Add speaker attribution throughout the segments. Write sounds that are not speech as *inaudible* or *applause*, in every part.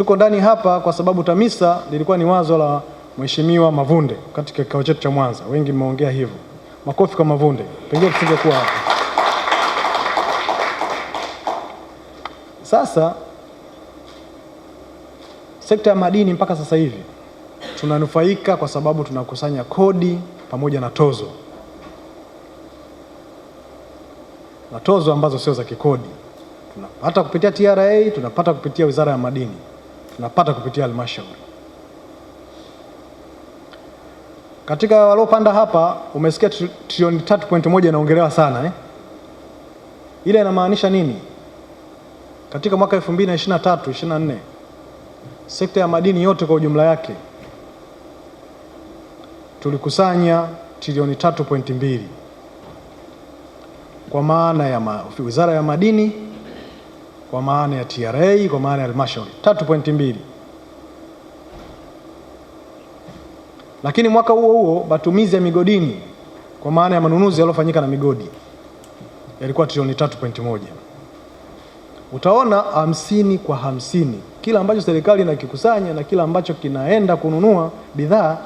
Speaker 1: Tuko ndani hapa kwa sababu TAMISA lilikuwa ni wazo la Mheshimiwa Mavunde katika kikao chetu cha Mwanza. Wengi mmeongea hivyo. Makofi kwa Mavunde, pengine tusingekuwa hapa. Sasa sekta ya madini mpaka sasa hivi tunanufaika kwa sababu tunakusanya kodi pamoja na tozo na tozo ambazo sio za kikodi tunapata kupitia TRA, tunapata kupitia Wizara ya Madini tunapata kupitia halmashauri. Katika waliopanda hapa umesikia trilioni 3.1 inaongelewa sana eh? Ile inamaanisha nini? Katika mwaka 2023 24 sekta ya madini yote kwa ujumla yake tulikusanya trilioni 3.2 kwa maana ya ma, Wizara ya Madini kwa maana ya TRA kwa maana ya halmashauri 3.2. Lakini mwaka huo huo matumizi ya migodini kwa maana ya manunuzi yaliyofanyika na migodi yalikuwa trilioni 3.1. Utaona hamsini kwa hamsini, kila ambacho serikali inakikusanya na kila ambacho kinaenda kununua bidhaa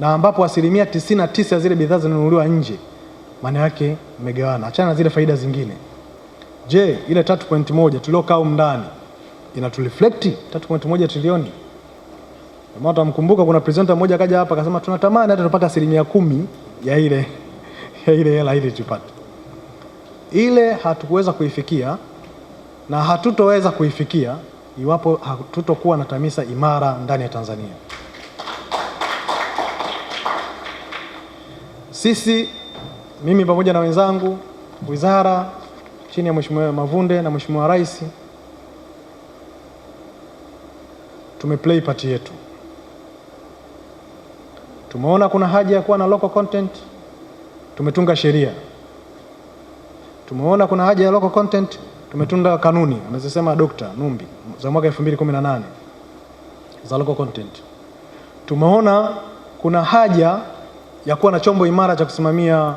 Speaker 1: na ambapo asilimia 99 tisa ya zile bidhaa zinanunuliwa nje, maana yake mmegawana, achana na zile faida zingine. Je, ile 3.1 tuliokaa ndani inatuliflect 3.1 trilioni? Kama utamkumbuka kuna presenter mmoja kaja hapa akasema tunatamani hata tupate asilimia kumi ya ile ya ile hela ile tupate. Ile hatukuweza kuifikia na hatutoweza kuifikia iwapo hatutokuwa na TAMISA imara ndani ya Tanzania. Sisi mimi pamoja na wenzangu wizara chini ya Mheshimiwa Mavunde na Mheshimiwa Rais tumeplay part yetu. Tumeona kuna haja ya kuwa na local content, tumetunga sheria. Tumeona kuna haja ya local content, tumetunga kanuni amezisema Dr. Numbi za mwaka 2018 za local content. Tumeona kuna haja ya kuwa na chombo imara cha kusimamia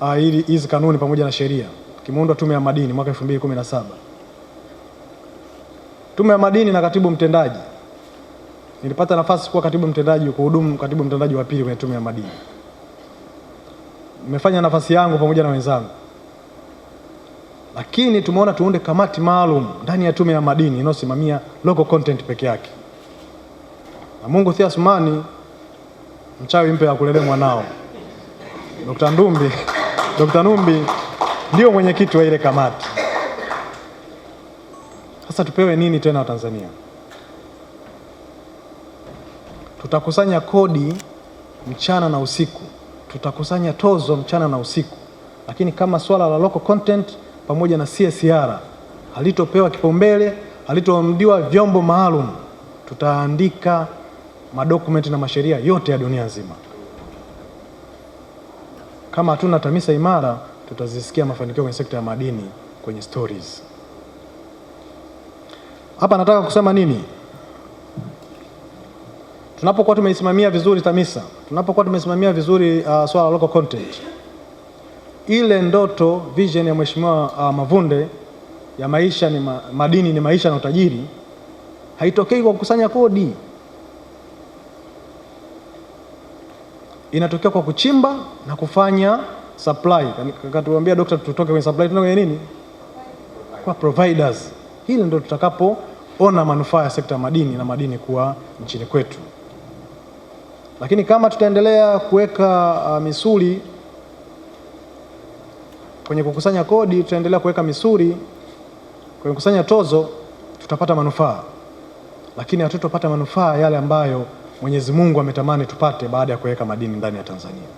Speaker 1: ah, hizi uh, kanuni pamoja na sheria kimeundwa Tume ya Madini mwaka 2017. Tume ya Madini na katibu mtendaji, nilipata nafasi kuwa katibu mtendaji, kuhudumu katibu mtendaji wa pili kwenye Tume ya Madini. Nimefanya nafasi yangu pamoja na wenzangu, lakini tumeona tuunde kamati maalum ndani ya Tume ya Madini inayosimamia local content peke yake. Na Mungu thiasumani mchawi mpe akulele mwanao Dr. Ndumbi *laughs* Dr. Ndumbi ndio mwenyekiti wa ile kamati. Sasa tupewe nini tena Watanzania? Tutakusanya kodi mchana na usiku, tutakusanya tozo mchana na usiku, lakini kama swala la local content pamoja na CSR halitopewa kipaumbele, halitoamdiwa vyombo maalum, tutaandika madokumenti na masheria yote ya dunia nzima. Kama hatuna TAMISA imara tutazisikia mafanikio kwenye sekta ya madini kwenye stories. Hapa nataka kusema nini? Tunapokuwa tumeisimamia vizuri TAMISA, tunapokuwa tumesimamia vizuri uh, swala local content, ile ndoto vision ya Mheshimiwa uh, Mavunde ya maisha ni ma, madini ni maisha na utajiri haitokei kwa kukusanya kodi, inatokea kwa kuchimba na kufanya supply. Yaani katuambia dokta, tutoke kwenye supply tuna kwenye nini? Kwa providers. Hili ndio tutakapoona manufaa ya sekta madini na madini kuwa nchini kwetu. Lakini kama tutaendelea kuweka uh, misuli kwenye kukusanya kodi, tutaendelea kuweka misuli kwenye kukusanya tozo, tutapata manufaa, lakini hatutopata manufaa yale ambayo Mwenyezi Mungu ametamani tupate baada ya kuweka madini ndani ya Tanzania.